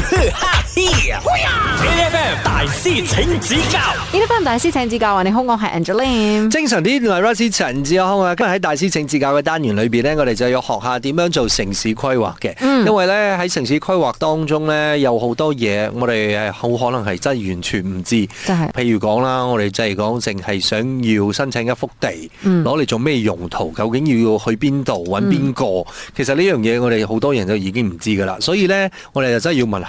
band，大師請指教。AM 大師請指教，我哋香港係 Angelina。精神啲係 Russi 請指教。今日喺大師請指教嘅單元裏邊呢，我哋就要學下點樣做城市規劃嘅。因為呢，喺城市規劃當中呢，有好多嘢我哋係好可能係真完全唔知。譬如講啦，我哋就係講淨係想要申請一幅地，攞嚟做咩用途？究竟要去邊度？揾邊個？其實呢樣嘢我哋好多人就已經唔知㗎喇。所以呢，我哋就真係要問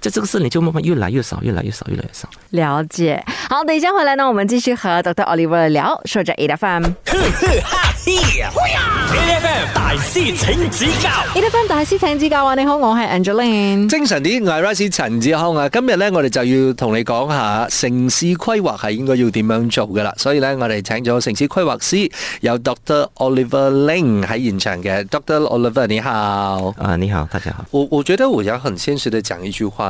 就這個事，你就慢慢越來越少，越來越少，越來越少。了解，好，等一下回來呢，我們繼續和 Dr. Oliver 聊，說着 A FM。Here we are，A FM 大師請指教，A FM 大師請指教啊！你好，我是 Angeline。精神啲，我係 Rice 陳志康啊！今日呢，我哋就要同你講下城市規劃係應該要點樣做噶啦，所以呢，我哋請咗城市規劃師，有 Dr. Oliver Ling 喺現場嘅。Dr. Oliver 你好，啊、uh, 你好，大家好。我我覺得我要很現實的講一句話。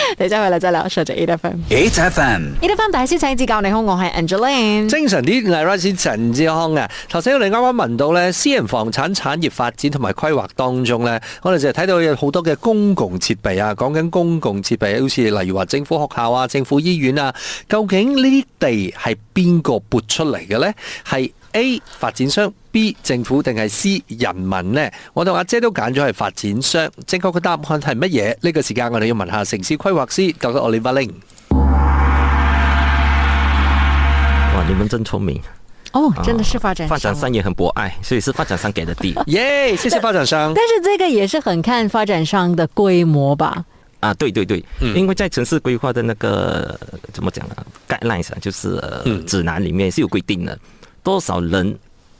你真係啦真啦，上集 eight FM，eight FM，eight FM，大師請指教你好，我係 Angeline，精神啲，係 rising 陳志康嘅。頭先我哋啱啱聞到咧，私人房產產業發展同埋規劃當中咧，我哋就係睇到有好多嘅公共設備啊，講緊公共設備，好似例如話政府學校啊、政府醫院啊，究竟呢啲地係邊個撥出嚟嘅咧？係 A 發展商。B 政府定係 C 人民呢？我同阿姐都揀咗係發展商。正確嘅答案係乜嘢？呢、這個時間我哋要問下城市規劃師，Dr. Oliver Ling，哇，你們真聰明哦！真的是發展商，哦、發展商也很博愛，所以是發展商給的地。耶、 yeah,，謝謝發展商。 但是這個也是很看發展商的規模吧？啊，對對對，嗯、因為在城市規劃的那個怎麼講呢、啊？guideline，就是，呃嗯、指南裏面是有規定嘅，多少人。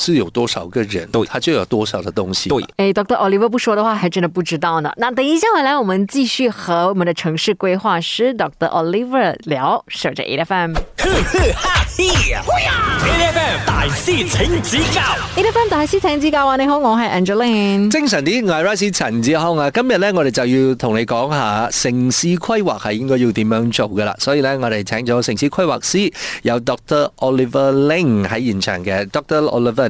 是有多少個人，對，他就有多少的東西，對。誒、欸、Dr. Oliver 不說的話，還真的不知道呢。那等一下回來，我們繼續和我們的城市規劃師 Dr. Oliver 聊。守着 E F M。 E F M, 大師請指教。E F M 大師請指教啊！你好，我係 Angeline。精神啲，Rice 陳志康啊，今日呢，我哋就要同你講下城市規劃係應該要點樣做噶啦。所以呢，我哋請咗城市規劃師，有 Dr. Oliver Ling 喺現場嘅，Dr. Oliver。